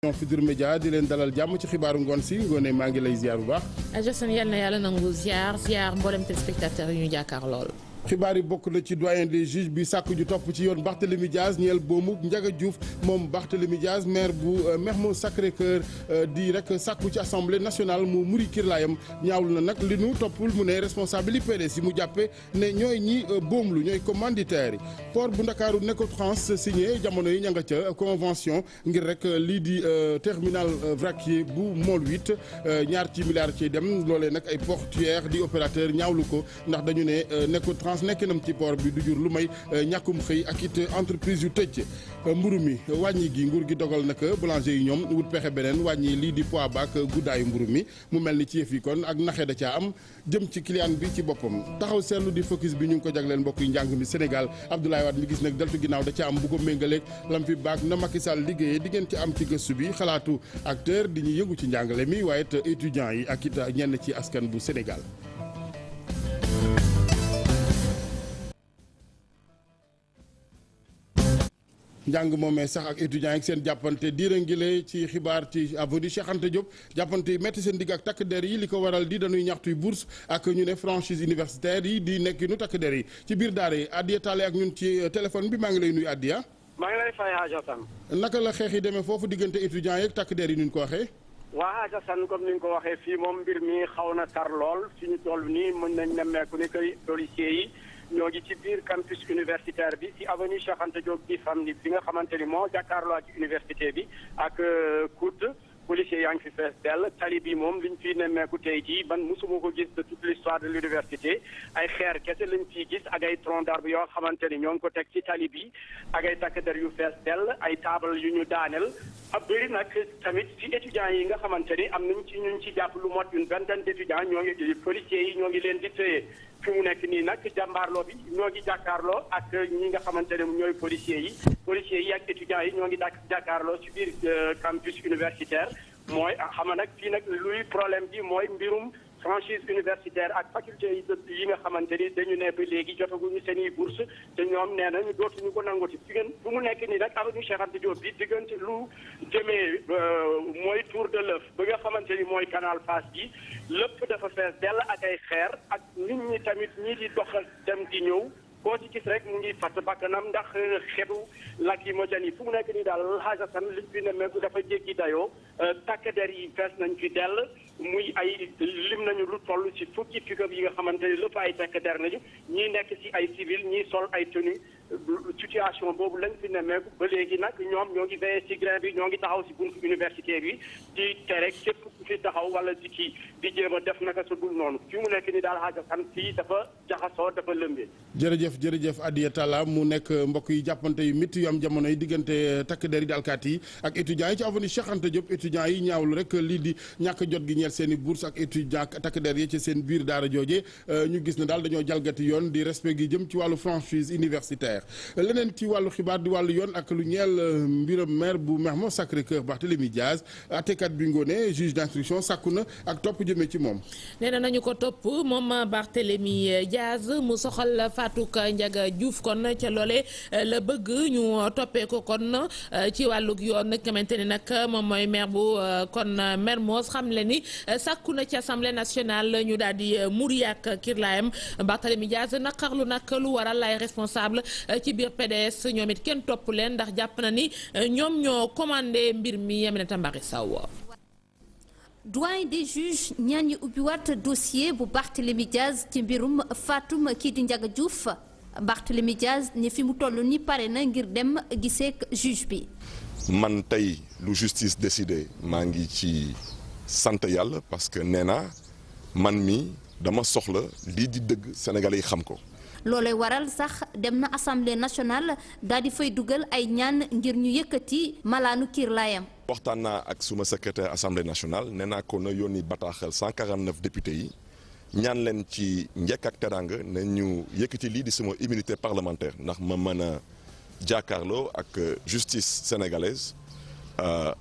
Futurs Médias di leen dalal jàmm ci xibaaru ngoon si ngoone maa ngi lay ziar bu baax. Ah, Jackson yal na yàlla nangu ziar ziar mboolem téléspectateur yu ñu jàkkaar lool. xibaar yi bokk na ci doyen des juges bi sàkk ju topp ci yoon Barthélémy Diaz ñeel boomu Ndiaga Diouf moom Barthélémy Diaz maire bu euh, Mermoz Sacré-Cœur euh, di rek sàkku ci assemblée nationale mu muri kirlaayam ñaawlu na nag li nu toppul mu ne responsable yi si yi mu jàppe ne ñooy ñi euh, boomlu ñooy commanditaire yi port bu Ndakaaru Trans signé jamono yi ña ca convention ngir rek lii di terminal vraquier bu mol 8 ñaar ci milliards ci dem loolee nag ay portuaire di opérateur ñaawlu ko ndax dañu ne Trans Orange nekkinam ci port bi du jur lu may euh, ñàkkum xëy ak it euh, entreprise yu tëj euh, mburu mi wàññi gi nguur gi dogal naka boulanger yi ñoom wut pexe beneen wàññi lii di poids baak guddaayu mburu mi mu mel ni ci yëf yi kon ak naxe da caa am jëm ci client bi ci boppam taxaw seetlu di focus bi ñu ngi ko jagleen mbokk yi njàng mi Sénégal Abdoulaye Wade mi gis nag deltu ginnaaw da ca am bu ko méngaleeg lam fi baak na Macky Sall liggéeyee di ngeen ci am ci gëstu bi xalaatu acteur di ñu yëngu ci njàngale mi waaye it étudiants yi ak it ñenn ci askan bu Sénégal njàng moomee sax ak étudiants yi seen jàppante diirangile ci xibaar ci avenue Cheikh Anta jàppante yi metti seen digg ak takk der yi li ko waral di dañuy ñaxtuy bourse ak ñu ne franchise universitaire yi di nekk nu takk der yi ci biir daara yi Adiya Tallé ak ñun ci euh, téléphone bi maa ngi lay nuyu Adiya. maa ngi lay fay Hajasan naka la xeex yi deme foofu diggante étudiants yeeg takk der yi nuñ ko waxee. waa Hajasan comme ni ñu ko waxee fii moom mbir na ñoo ngi ci biir campus universitaire bi ci avenue Cheikh Anta Diop bi xam ni bi nga xamante ni moo université bi ak euh, courte police yaa ngi fi fees dell tali bi moom liñ fi nemmeeku tey jii ban musuma gis de toute l'histoire de l'université ay xeer kese lañ fiy gis ak ay tronc d'arbre yoo xamante ni ñoo ngi ko teg ci tali bi ak ay takk der yu fees dell ay table yu ñu daaneel ab bëri tamit ci étudiants yi nga xamante am nañ ci ñun ci jàpp lu mot une vingtaine d'étudiants ñoo ngi policiers yi ñoo ngi leen fi mu nekk nii nag jàmbaarloo bi ñoo ngi jàkkaarloo ak ñi nga xamante ne ñooy policiers yi policiers yi ak étudiants yi ñoo ngi jàkkaarloo ci biir euh, campus universitaire mooy ah, xam nag fii nag luy problème bi mooy mbirum franchise universitaire ak faculté yi yi nga xamante ni dañu ne ba léegi jotaguñu seen i bourse te ñoom nee nañu dootuñu ko nangooti diggante bu mu nekk nii nag avenue Cheikh Anta Diop bi diggante lu jëmee euh, mooy Tour de l'Oeuf ba nga xamante ni mooy canal Fass bi lépp dafa fees dell ak ay xeer ak nit ñi tamit ñii di doxal dem di ñëw koo ci gis rek mu ngi fàtt bakkanam ndax xetu lacrymogène yi fu mu nekk nii daal Hadj Assane liñ fi nemmeeku dafa jéggi dayoo euh, takk der yi fees nañ fi dell muy ay lim nañu lu toll ci fukki pick yi nga xamante ni lëpp ay takk der nañu ñii nekk ci ay civil ñii sol ay tenue situation boobu lañ fi nemmeeku ba léegi nag ñoom ñoo ngi veillé ci grève bi ñoo ngi taxaw ci buntu université bi di tere képp ku fi taxaw wala ci di jéem def naka su dul noonu fi mu nekk ni daal xaaja xam fii dafa jaxasoo dafa lëmbee jërëjëf jërëjëf Adiya mu nekk mbokk yi jàppante yi métti yu am jamono yi diggante eh, takk der yi yi ak étudiants yi ci avenue yi ñaawlu seni bourse ak étude ak takk der yi ci seen bir daara jojé euh, ñu gis ne dal dañu jalgati yoon di respect gi jëm ci walu franchise universitaire leneen ci walu xibaar di walu yoon ak lu ñeel euh, mbiram maire bu Mermoz Sacré-Cœur Barthélémy Diaz kat bi ngone juge d'instruction sakuna ak top jëmee ci mom néna nañu ko top mom Barthélémy Diaz mu soxal Fatou Ndiaga Diouf kon ci lolé le euh, bëgg ñu topé ko kon ci walu yoon nag xamante nak mom moy maire bu kon Mermoz xam le euh, sàkku na ci assemblée nationale ñu daal di euh, muri ak kirlaayam Barthélémy Dias lu waral lay responsable euh, ci bir PDS ñomit ken kenn len ndax japp na ni ñom ñoo commandé mbir mi Aminata Mbaye saw doyen des juges ñaan yi dossier bu Barthélémy Diaz ci mbirum Fatum kii di Ndiaga Diouf Barthélémy Diaz ni fi mu ni pare ngir dem juge bi man tey lu justice décidé Mangichi ci sant yalla parce que Néna, Manmi, man mi dama soxla li di deug sénégalais xam ko. lolé waral sax dem na assemblée nationale daal di fay dugal ay ñaan ngir ñu yëkkati malanu kiirlaayam. waxtaan ak suma secrétaire assemblée nationale nena ko na yónni bataaxal 149 députés yi ñaan leen ci njëkk ak teranga na ñu li di suma immunité parlementaire ndax ma mën Diakarlo ak justice sénégalaise euh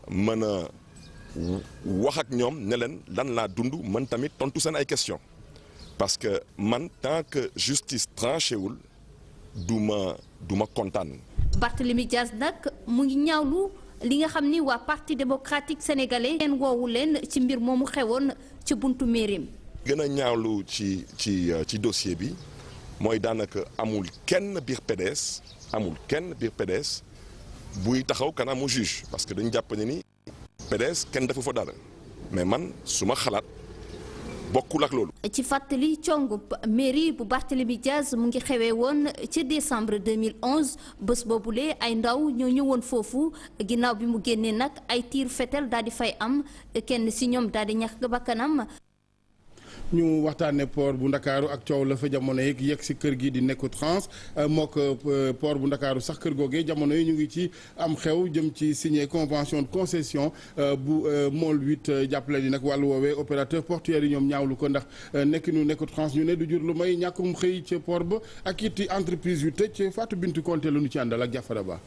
wax ak ñom ne lan la dundu man tamit tontu sen ay question parce que man tant que justice tranché wul duma ma contane ma kontaan. Barthélemy Dias nag mu ngi ñaawlu li nga xamni wa parti démocratique sénégalais. en woowu leen ci mbir momu xewon ci buntu mérim gëna ñaawlu ci ci euh, ci dossier bi moy danaka amul kenn bir PDS amul kenn bir PDS buy taxaw kanaamu juge parce que dañu japp ni. PDS kenn defu fa dara mais man su ma xalaat bokkul ak loolu. ci fàttali congu mairie bu Barthélemy Diaz mu ngi xewee woon ci décembre 2011 bés boobule ay ndaw ñoo ñëwoon foofu ginnaaw bi mu génnee nag ay tiir fetel daal di fay am kenn ci ñoom daal di ñàkk bakkanam ñu waxtaanee port bu ndakaaru ak coow la fa jamono yeeg yegg si kër gi di nekku trance euh, mook euh, port bu ndakaaru sax kër googee jamono yi ñu ngi ci am xew jëm ci signé convention de concession euh, bu Môle 8 jàppale ni nag wàllu woowee opérateur portuaire yi ñoom ñaawlu ko ndax nekk nu nekku trance ñu ne du jur lu may ñàkkum xëy ca port ba ak it entreprise yu tëj Fatou Bintou Konté lu nu ci àndal ak Jafara Ba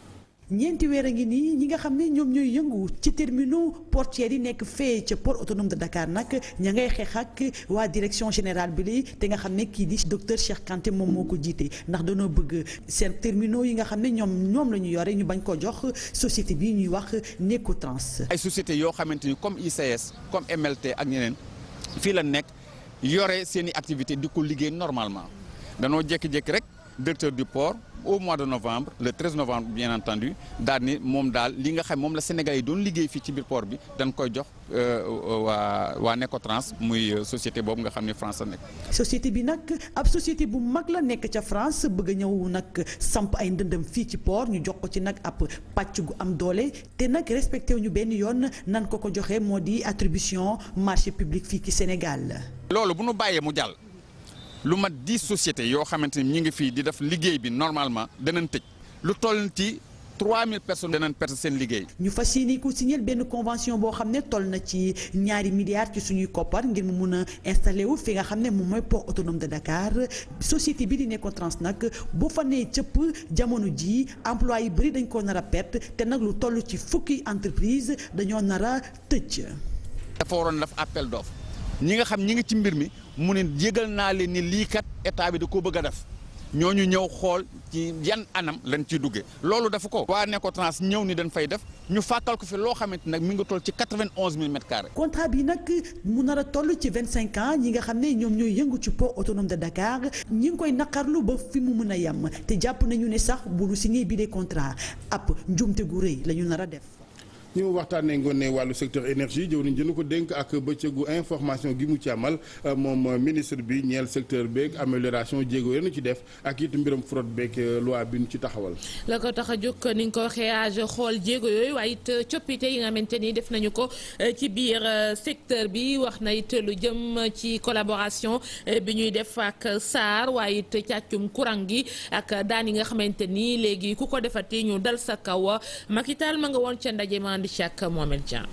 ñeenti weer a ngi nii ñi nga xam ne ñoom ñooy yëngu ci terminaux portuaires yi nekk fee ca port autonome de Dakar nag ña ngay xeex ak waa direction générale bi li te nga xam ne kii di docteur Cheikh Kanté moom moo ko jiite ndax dañoo bëgg seen terminaux yi nga xam ne ñoom ñoom la ñu yore ñu bañ ko jox société bi ñuy wax Necotrans. ay société yoo xamante ni comme ICS comme MLT ak ñeneen fii la nekk yore seen i activité di ko liggéey normalement danoo jékki-jékki rek directeur du port au mois de novembre le 13 novembre bien entendu daal ni moom Mom, li nga xam la Sénégal yi doon liggéey fii ci biir port bi dañ koy jox euh, euh, Necotrans muy euh, société boobu nga xam France société bi nak ab société bu mag la nek ci France bëgg ñew nak samp ay ndëndëm fi ci port ñu jox ko ci nak ab pàcc gu am doole té nak respecté ñu yoon nan ko ko joxé modi attribution marché public fi ci Sénégal. loolu bu nu bayé mu lu mat dix société yoo xamante ni ñu ngi fii di def liggéey bi normalement danañ tëj lu toll ci 3000 personnes danañ perte seen liggéey. ñu fas yéene ko signer benn convention boo xam ne toll na ci ñaari milliards ci suñuy koppar ngir mu mun a installé wu fi nga xam ne moom mooy port autonome de Dakar société bi di Necotrans nag boo fa nee jamono jii emploi yi bëri dañ koo nar a perte te nag lu toll ci fukki entreprise dañoo nar a tëj. dafa waroon def appel d'offre ñi nga xam ñi ngi ci mbir mi mu ne yëgal naa leen ni lii kat état bi da koo bëgg a def ñooñu ñëw xool ci yan anam lañ ciy duggee loolu dafa ko waa trans ñëw ni dañ fay def ñu fàkkal ko fi loo xamante nag mi ngi toll ci quatre-vingt-onze mille mètres carrés contrat bi nag mu nar a toll ci vingt cinq ans ñi nga xam ne ñoom ñooy yëngu ci port autonome de Dakar ñi ngi koy naqarlu ba fi mu mën a yem te jàpp nañu ne sax bu lu signé bi des contrat ab njuumte gu rëy la ñu nar a def ñi mu waxtaanee ngoon wàllu secteur énergie jëw nañ jënd ko dénk ak bëccëgu information gi mu ci amal euh, moom ministre bi ñeel secteur beeg amélioration jéego yéen ci def ak it mbirum fraude bek euh, loi bi nu ci taxawal. la ko tax a ni nga ko waxee age xol jéego yoy waaye it coppite yi nga xamante ni def nañu ko euh, ci biir secteur bi wax na it lu jëm ci collaboration bi ñuy def ak SAR waaye it càccum courant gi ak daani nga xamanteni ni léegi ku ko defati ñu dal sa kaw makital ma nga won ci ndaje ànd ci ak Mohamed Dieng.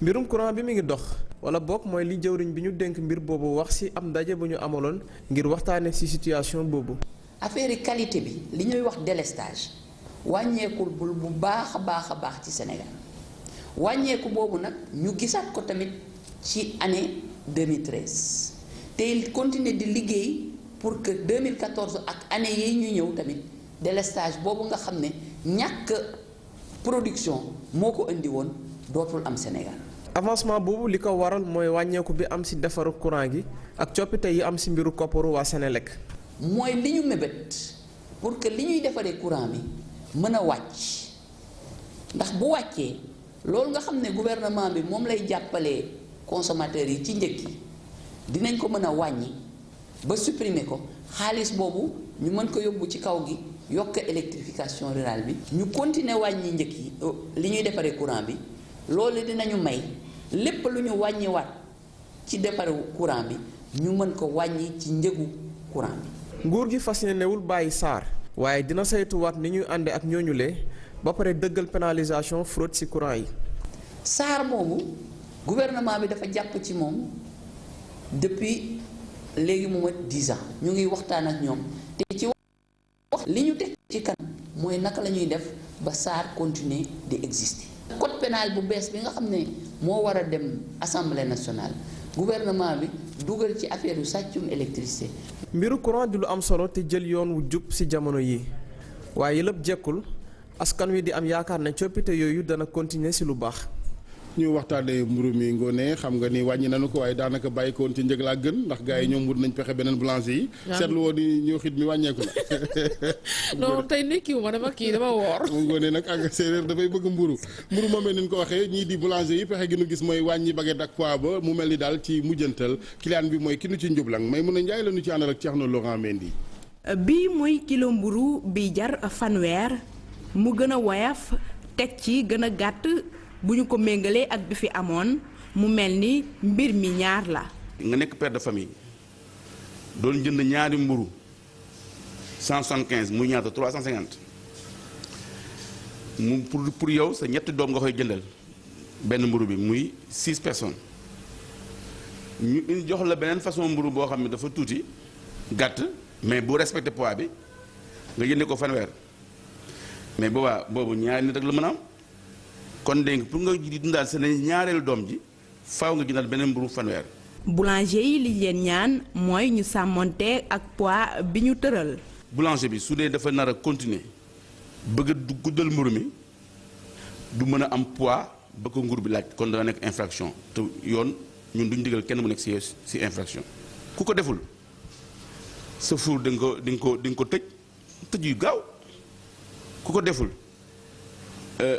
mbirum courant bi mu ngi dox wala bokk mooy li jëwriñ bi ñu dénk mbir boobu wax ci am ndaje bu ñu amaloon ngir waxtaanee ci situation boobu. affaire yi qualité bi li ñuy wax délestage wàññeekul bul bu baax a baax a baax ci Sénégal wàññeeku boobu nag ñu gisaat ko tamit ci année 2013 te il continue di liggéey pour que 2014 ak année yi ñu ñëw tamit délestage boobu nga xam ne ñàkk. production moo ko indi woon dootul am Sénégal. avancement boobu li ko waral mooy wàññeeku bi am ci defaru courant gi ak coppite yi am ci mbiru kopparu waa Sénélec. mooy li ñu mébét pour que li ñuy defaree courant bi mën a wàcc ndax bu wàccee loolu nga xam ne gouvernement bi moom lay jàppalee consommateurs yi ci njëkk yi dinañ ko mën a wàññi ba supprimer ko xaalis boobu ñu mën ko yóbbu ci kaw gi. yokk électrification rurale bi ñu continuer wàññi njëkk yi euh, li ñuy defaree courant bi loolu dinañu may lépp lu ñu wàññiwaat ci defaru courant bi ñu mën ko wàññi ci njëgu courant bi nguur gi fas ne newul bàyyi saar waaye dina saytuwaat ni ñuy àndee ak ñooñule ba pare dëggal pénalisation fraude ci courant yi saar boobu gouvernement bi dafa jàpp ci moom depuis léegi mu mat 10 ans ñu ngi waxtaan ak ñoom te ci li ñu teg ci kanam mooy naka la ñuy def ba SAR continuer di exister. code pénal bu bees bi nga xam ne moo war a dem assemblée nationale gouvernement bi dugal ci affaire yu sàccum électricité. mbiru courant di lu am solo te jël yoon wu jub ci jamono yi waaye lépp jekkul askan wi di am yaakaar ne coppite yooyu dana continuer ci lu baax. ñu waxtaanee mburu mi ngoone xam nga ni wàññi nañu ko waaye daanaka bàyyi ko ci njëg laa gën ndax gaa yi ñoom wut nañ pexe beneen boulanger yi. seetlu woon ni ñëw xit mi wàññeeku na. non tey nekkiwu ma dama kii dama woor. ngoone nag ak séeréer dafay bëgg mburu mburu moomee ni ñu ko waxee ñii di boulanger yi pexe gi nu wàññi baguette ak poids ba mu mel ni daal ci mujjantal kilaan bi mooy ki nu ci njublang may mun a njaay la ñu ci àndal ak Thierno Laurent Mendy bii mooy kilo mburu bi jar fanweer mu gën a woyaf teg ci gën a gàtt bu ñu ko méngalee ak bi fi amoon mu mel ni mbir mi ñaar la. nga nekk père de famille doon jënd ñaari mburu cent quinze 175 trois cent 350 mu pour pour yow sa ñetti doom nga koy jëndal benn mburu bi muy 6 personnes ñu jox la beneen façon mburu boo xam ne dafa tuuti gàtt mais bu respecté poids bi nga jëndee ko fanweer mais boobaa boobu ñaari nit ak la mën a am. kon dégg pour nga jiit dundaal sa ñaareelu doom ji faw nga jëndaat beneen mburu fanweer. boulanger yi li ñaan mooy ñu sàmmonte ak pois bi ñu tëral. boulanger bi su dee dafa nar a continuer bëgg du guddal mburu mi du mën a am poids ba ko nguur bi laaj kon dana nekk infraction te yoon ñun duñ digal kenn mu nekk si si infraction ku ko deful four di nga ko di ko di nga ko tëj tëj yu gaaw ku ko deful. Euh,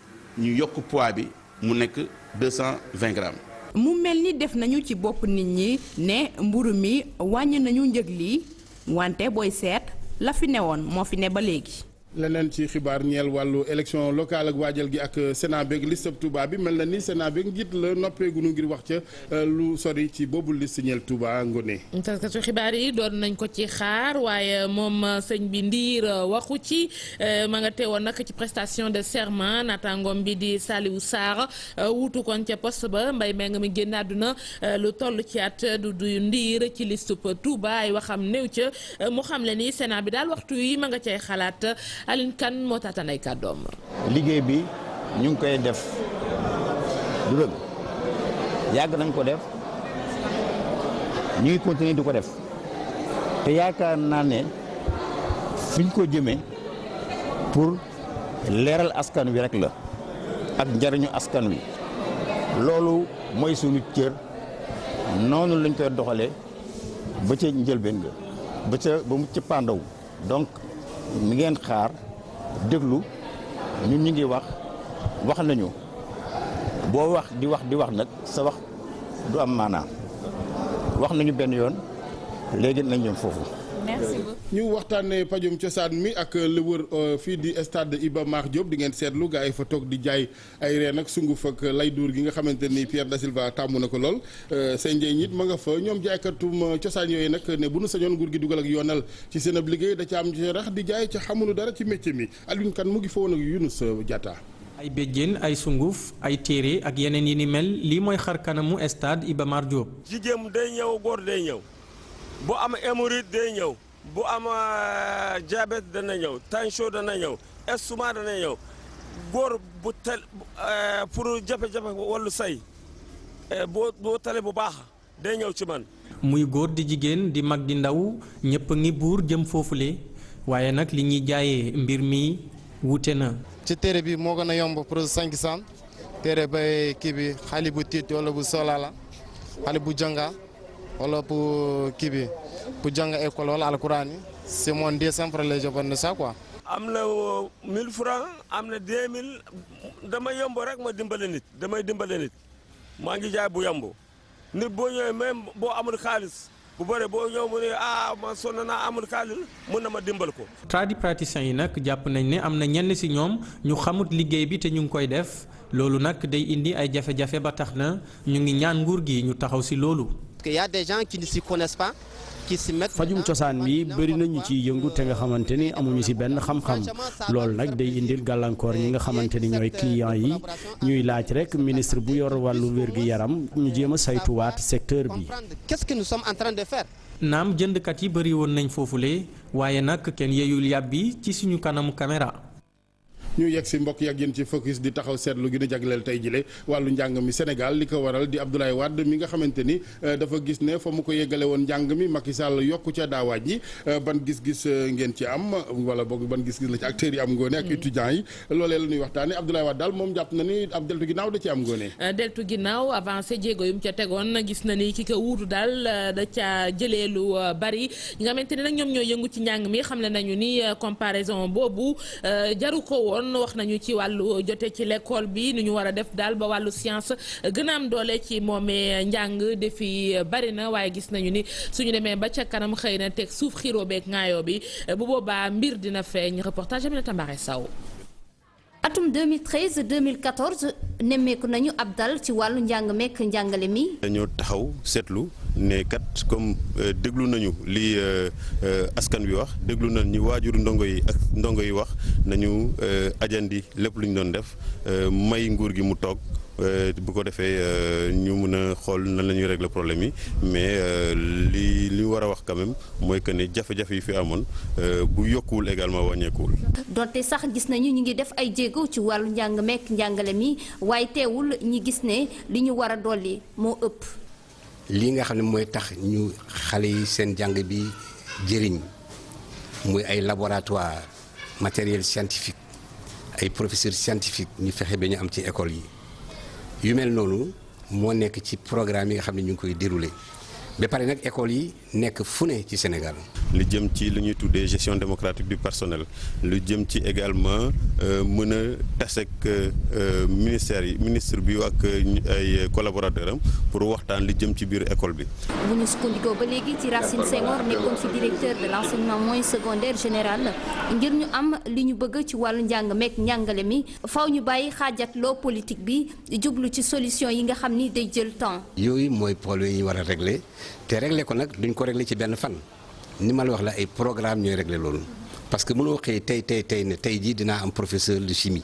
ñu yokk poids bi mu nekk 220 grammes. mu mel ni def nañu ci bopp nit ñi ne mburu mi wàññi nañu njëg li wante booy seet la fi newoon moo fi ne ba léegi. leneen ci xibar ñeel walu élection locale ak waajal gi ak Sénat beeg liste Touba bi mel na ni Sénat beeg njiit la ñu ngir wax ci euh, lu sori ci bobu liste ñeel Touba ngone parce que taskatu xibar yi doon nañ ko ci xaar waye mom euh, señ bi ndir euh, waxu ci ma nga teewoon nag ci prestation de serment naataangoom bi di Saliou sar wuutu kon ca poste ba mbay meng mi génn àdduna lu toll ci at du du ndir ci liste Touba ay waxam new ci mu xam le ni Sénat bi dal waxtu yi ma nga cay xalaat. Aline Kane moo taataan ay kàddoom. liggéey bi ñu ngi koy def du dëgg yàgg nañ ko def ñu ngi di ko def te yaakaar naa ne fi ñu ko jëmee pour leeral askan wi rek la ak njariñu askan wi loolu mooy suñu cër noonu lañ koy doxalee ba ca njëlbeen ga ba ca ba mu ca pàndaw donc mi ngeen xaar déglu ñun ñu ngi wax wax nañu boo wax di wax di wax nag sa wax du am maanaam wax nañu benn yoon léegi nañu ñoom foofu merci ñu waxtaanee pajum cosaan mi ak lu wër euh, fii di stade Iba Mar Diop di ngeen seetlu gaa yi fa toog di jaay ay reen ak sunguf ak lay duur gi nga xamante ni Pierre da Silva tàmm na ko lool. Euh, seen njëy ñit ma nga fa ñoom jaaykatum euh, cosaan yooyu nag ne bu nu sañoon nguur gi dugal ak yoonal ci seen ab liggéey da ca am ci di jaay ca xamunu dara ci métier mi Alioune Kane mu ngi fa woon ak Younous Diatta. ay béjjén ay sunguf ay téere ak yeneen yi ni mel lii mooy xar kanamu stade Iba Mar Diop. jigéen day ñëw góor day ñëw. bu am hémorroïde day ñëw bu am euh, diabète dana ñëw tension dana ñëw estomac dana ñëw góor bu tel euh, pour jafe-jafe wàllu say euh, boo boo tale bu baax day ñëw ci man. muy góor di jigéen di mag di ndaw ñëpp a ngi buur jëm foofu foofule waaye nag li ñuy jaayee mbir mi wuute na. ci téere bi moo gën a yomb pour cinq cent téere ba kii bi xale bu tiit wala bu sola la bu jànga wala pour kibi, bi pour jàng école wala alquran yi c'est mon dessin pour les japonais ça quoi. am na 1000 francs am na 2000 dama yomb rek ma dimbale nit damay nit ngi jaay bu nit même amul xaalis. bu bëre boo mu ne ah man sonn amul kaalil mun na ma dimbal ko. tradi praticiens yi nag jàpp nañ ne ñenn si ñoom ñu xamut liggéey bi te ñu koy def loolu nag day indi ay jafe-jafe ba tax ñu ngi ñaan nguur gi ñu taxaw a des gens qui ne s'y connaissent pas. fajum cosaan mi bëri nañu ñu ciy yëngu te nga xamante ni amuñu ci benn xam-xam loolu nag day indil gàllankoor yi nga xamante ni ñooy euh, client yi ñuy laaj rekk ministre bu yor wàllu wér-gi-yaram ñu jéem a saytuwaat secteur bi. Qu'est-ce que nous sommes en train de faire? naam jëndkat yi bëri woon nañ foofule waaye nag kenn yeyul yàbbi ci suñu kanamu caméra. ñu yegg si mbokk yàgg yéen ci focus di taxaw seetlu gën a jagleel tey jile wàllu njàng mi Sénégal li ko waral di Abdoulaye Wade mi nga xamante ni euh, dafa gis ne fa mu ko yeggale woon njàng mi Macky Sall yokku ca daawaaj yi euh, ban gis-gis euh, ngeen ci am wala boog ban gis-gis la ci acteurs yi am ngoone ak mm. étudiants yi loolee la ñuy waxtaane Abdoulaye Wade daal moom jàpp na ni ab deltu ginnaaw da ci am ngoone deltu ginnaaw avancé jéego yum ca tegoon gis na ni ki ko wuutu daal da ca jëlee lu bari ñi nga xamante ni nag ñoom ñoo yëngu ci njàng mi xam ne nañu ni comparaison boobu jaru ko yoon wax nañu ci wàllu jote ci lekkool bi nu ñu war a def daal ba wàllu science gën a am doole ci moomee njàng defi bari na waaye gis nañu ni suñu demee ba ca kanam xëy na teg suuf xiroo beek ŋaayoo bi bu boobaa mbir dina feeñ reportage Aminata Mbaré saw atum 2013 2014 nemmeeku nañu ab dal ci wàllu njàng mekk njàngale mi. dañoo taxaw seetlu. ne kat comme euh, déglu nañu li euh, euh, askan wi wax déglu nañu waajuru ndongo yi ak ndongo yi wax nañu ajandi lépp lu ñu doon def may nguur gi mu toog bu ko defee ñu mun a xool na la ñuy régler problème yi mais li li war a wax quand même mooy que ne jafe-jafe yi fi amoon bu yokkuwul également wàññeekuwul. donte sax gis nañu ñu ngi def ay jéego ci wàllu njàng meek njàngale mi waaye teewul ñi gis ne li ñu war a dolli moo ëpp. lii nga xam ne mooy tax ñu xale yi seen jàng bi jëriñ muy ay laboratoire matériel scientifique ay professeurs scientifiques ñu fexe ba ñu am ci école yi yu mel noonu moo nekk ci programme yi nga xam ne ñu ngi koy déroulé ba pare nag école yi nekk fu ne ci Sénégal lu jëm ci lu ñuy tuddé gestion démocratique du personnel lu jëm ci également euh mëna tase ak euh, ministère ministre bi ak euh, ay collaborateur pour waxtaan li jëm ci biir école bi. bu ñu sukkandikoo ba légui ci Racine Senghor nekkoon fi directeur de l'enseignement moyen secondaire général ngir ñu am li ñu bëgg ci walu jang mek njàngale mi faw ñu bàyyi xaajat lo politique bi djublu ci solution yi nga xamni day jël temps. yoy moy problème yi ñu war régler té régler ko nak duñ ko régler ci ben fan ni ma la wax la ay programme ñoy régler loolu parce que mënoo xëy tey tey tey ne tey jii dinaa am professeur de chimie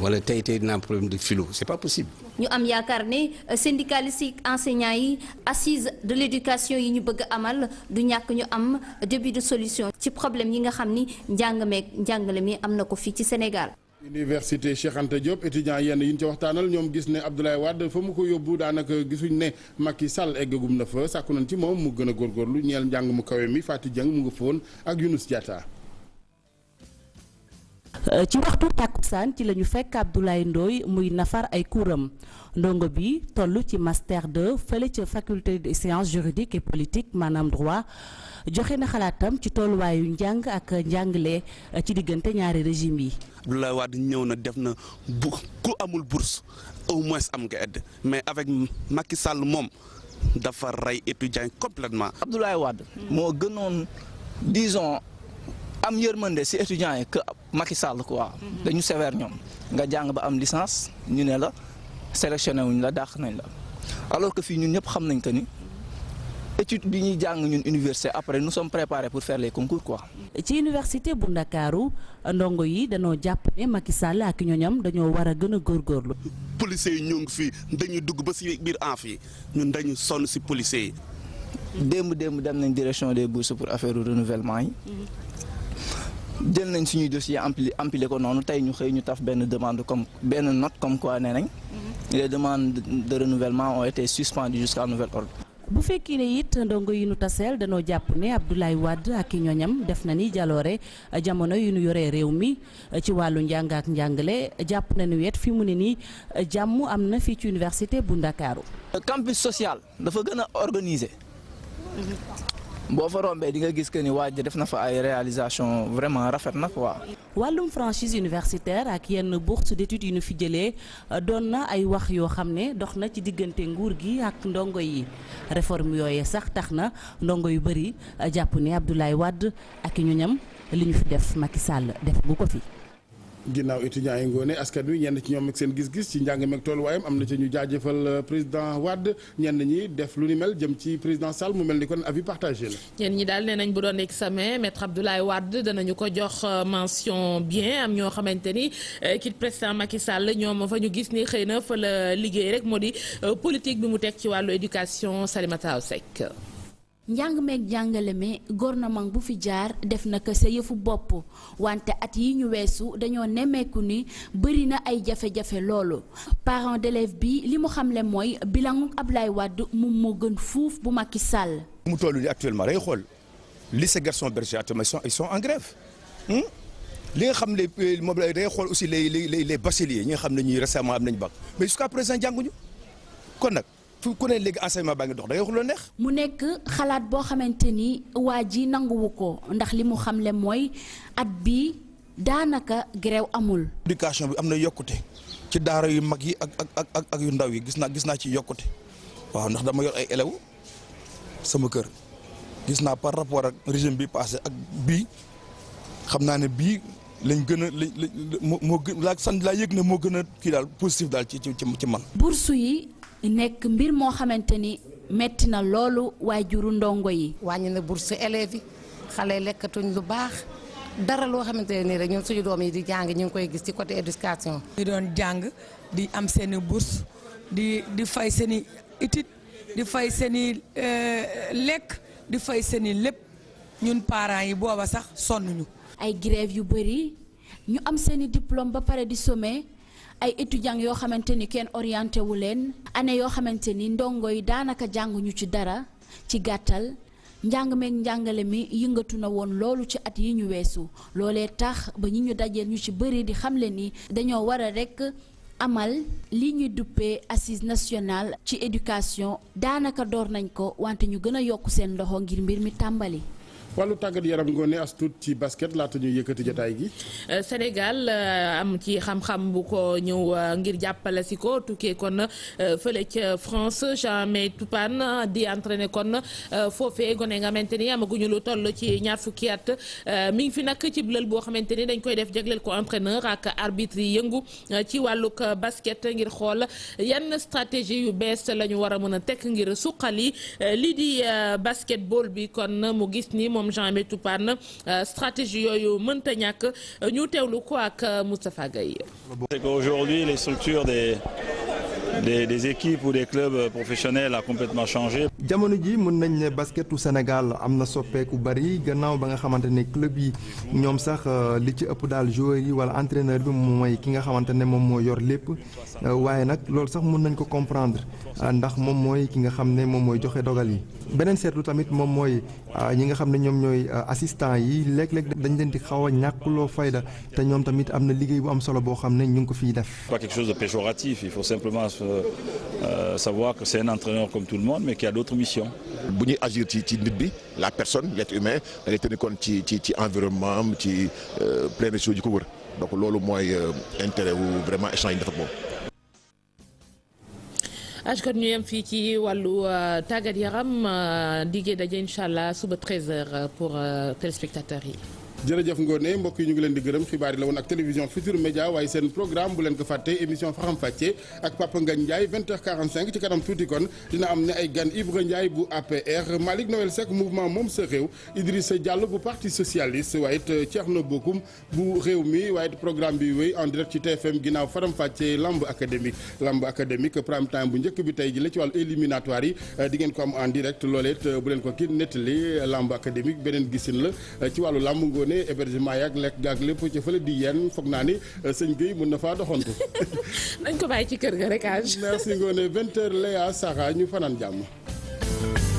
wala tey tey dinaa am problème de philo c'est pas possible. ñu am yaakaar ne syndicalistes yi enseignants yi assise de l'éducation yi ñu bëgg amal du ñàkk ñu am début de solution ci problème yi nga xam ni njàng meeg njàngale mi am na ko fii ci Sénégal. université Cheikh Anta Diop étudiant yenn yi ñu ca waxtaanal ñoom gis ne Abdoulaye Wade fa mu ko yóbbu daanaka gisuñ ne mag yi Sall eggagum na fa sàkku nañ ci moom mu gën a góorgóorlu ñeel njàng mu kawe mi Fatou Dieng mu nga foon ak Younous Diatta Euh, ci waxtu tàkkusaan ci lañu fekk Abdoulaye Ndoye muy nafar ay kuuram ndongo bi tollu ci master 2 fele ci faculté des sciences juridiques et politiques manam droit joxe na xalatam ci wayu njang ak njàngale euh, ci diggante ñaari régime yi. Abdoulaye Wade ñëw na def na bu ku amul bourse au moins am nga aide mais avec Macky Sall mom dafa ray étudiant complètement Abdoulaye Wade mo gënon disons. am yërmande si étudiants yi que Macky Sall quoi. Mhm. dañu sévère ñoom nga jàng ba am licence ñu ne la sélectionné wuñ la dàq nañ la alors que fii ñun ñëpp xam nañ que ni. étude bi ñuy jàng ñun université après nous sommes préparés pour faire les concours quoi. ci université bu Ndakaaru ndongo yi danoo jàpp ne Sall ak ñooñam dañoo war a gën a góorgóorlu. policiers yi ñoo ngi fii dañuy dugg ba si biir en fii ñun dañu sonn si policiers yi. démb démb dem nañ direction des bourses pour affaire renouvellement yi. Mhm. jël nañ suñuy dossier ampli amplié ko noonu tey ñu xëy ñu taf benn demande comme benn note comme quoi nee nañ mhm. les demandes de renouvellement ont été suspendues jusqu'à nouvel ordre. bu fekkee ne it ndongo yi nu taseel danoo jàpp ne Abdoulaye wadd ak i ñoñam def na ni jaloore jamono yu nu yoree réew mi ci wàllu njàng ak njàngale jàpp na ni wet fi mu ne nii jàmm am na fii ci université bu Ndakaaru campus social dafa gën a organiser. Mhm. boo fa rombee di nga gis que ni waaj def na fa ay réalisation vraiment rafet na quoi. wàllum franchise universitaire ak yenn bourse d'études yu nu fi jëlee euh, doon na ay wax yoo xam ne dox na ci diggante nguur gi ak ndongo yi réforme yooye sax tax na ndongo yu bëri euh, jàpp ne Abdoulaye Wade ak ñu ñam li ñu fi def Macky Sall def bu ko fii ginnaaw étudiants yi ngoone askan wi ñenn ci ñoom ak seen gis-gis ci njàng meeg tolluwaayam am na ci ñu jaajëfal euh, président Wade ñenn ñi def lu ni mel jëm ci président Sall mu mel ni kon avis partagé la. ñenn ñi daal nee nañ bu doon examen maître Abdoulaye Wade danañu ko jox euh, mention bien am ñoo xamante ni euh, kit président Macky Sall ñoom fa ñu gis ni xëy na fa la liggéey rek moo di politique bi mu teg ci wàllu éducation Salimata Aw Seck njàng mek jangale mi gouvernement bu fi jaar def na ko sa yëfu bopp wante at yi ñu wessu dañu nemmeeku ni bari na ay jafé jafé lolu parents d'élèves bi limu mu xamle mooy bilangu Ablaye Wade moom moo gën fouf bu Macky Sall. mu tollu nii actuellement day xool lycée Gaston Berger actuellement ils sont en grève hmm? li nga xam ne euh, moom day xool aussi les les les bacheliers ñi nga xam ñuy récemment am nañ bac mais jusqu'à présent jànguñu kon nak fu ku ne léegi enseignement baa ngi dox da ngay wax lu neex. mu nekk xalaat boo xamante ni waa ji nanguwu ko ndax li mu xamle mooy at bii daanaka grève amul. éducation bi am na yokkute ci daara yu mag yi ak ak ak ak yu ndaw yi gis naa gis naa ci yokkute waaw ndax dama yor ay élèves sama kër gis naa par rapport ak régime bi passé ak bii xam naa ne bii. lañ gën a lañ moo gën laa sant laa yëg ne moo gën a kii daal positif daal ci ci ci man. bourse yi nekk mbir moo xamante ni metti na loolu waajuru ndongo yi. wàññi na bourse élèves yi xale lekkatuñ lu baax dara loo xamante nii rek ñun suñu doom yi di jàng ñu ngi koy gis ci côté éducation. ñu doon jàng di am seen i bourse di di fay seen i itit di fay seen i euh, lekk di fay seen i lépp ñun parents yi booba sax sonn ñu. ay grève yu bëri ñu am seen i diplôme ba pare di sommet. ay étudiants yoo xamante ni kenn orienté wu leen année yoo xamante ni ndongo yi daanaka jànguñu ci dara ci gàttal njàng meeg njàngale mi yëngatu na woon loolu ci at yi ñu weesu loolee tax ba ñi ñu dajeel ñu ci bëri di xamle ni dañoo war a rekk amal li ñuy duppee assise nationale ci éducation daanaka door nañ ko wante ñu gën a yokk seen ndoxo ngir mbir mi tàmbali. wàllu tagat yaram ngoone as tuut ci basket laata ñuy yëkëti jotaay gi. Euh, Sénégal euh, am ci xam-xam bu ko ñëw euh, ngir jappalé ci ko tuké kon feulé ci France jamais may Toupane di entraîné kon fofé gone nga xamante ni amaguñu lu toll ci ñaar fukki at mi ngi fi nak ci lël bo xamanteni dañ koy def jagleel ko entraîneur ak arbitre yëngu ci wàllug basket ngir xol yenn stratégie yu bees lañu wara mëna tek ngir suqali li di basketball bi kon mu gis ni Jean Bétou Toupane, euh, stratégie de mënta ñàkk euh, ñu tewlu ko ak euh, Moustapha Gaye. C'est les structures des des, des équipes ou des clubs euh, professionnels a complètement changé. jamono ji mën nañ basket basketu Sénégal amna soppé ku bari gannaaw ba nga xamante club yi ñom sax euh, li ci ëpp dal joueur yi wala entraîneur bi moom ki nga xamante mom moom yor lepp euh, wayé nak lool sax mën nañ ko comprendre ndax mom moy ki nga xamné mom moy joxé dogal yi. benen seetlu tamit mom moy ñi nga xamné ñom ñoy assistant yi léeg-léeg dañ leen di xawa ñak lo fayda té ñom tamit amna na liggéey bu am solo bo xamné ñu ko fi def. pas quelque chose de péjoratif il faut simplement. Euh, euh, savoir que c'est un entraîneur comme tout le monde, mais qui a d'autres missions. bu ñuy agir ci nit bi la personne l'être humain dañuy tenir compte ci ci environnement am euh, plein de choses du coup donc loolu mooy euh, intérêt wu vraiment échange yi dafa moom. ajkot ñu yem fii ci wàllu tàggat yaram suba 13h pour téléspectateurs yi. jërëjëf Ngoné mbokk yi ñu ngi leen di gërëm xibaar yi la woon ak télévision Futur Média waaye seen programme bu leen ko fàtte émission Faram Facce ak Papa Ngagne Ndiaye 20h45 ci kanam tuuti kon dina am ne ay gan Ibra Ndiaye bu APR malik Noël sek, mouvement moom sa réew Idrissa Diallo bu parti socialiste waaye it Thierno Bocoum bu réew mi waaye it programme bi wéy en direct ci TFM ginnaaw Faram Facce lamb académique lamb académique prime time bu njëkk bi tey ji la ci wàllu éliminatoire yi di ngeen ko am en direct loolee it bu leen ko kii nettali lamb académique beneen gisin la ci wàllu lamb Ngoné ne hébergement yaag lekk ak lépp ci fële di yenn foog naa ni euh, sëñ Guèye mën na faa doxantu. dañ ko bàyyi ci kër ga rek merci ngoone vingt heures saaka Sarr ñu fanaan jàmm.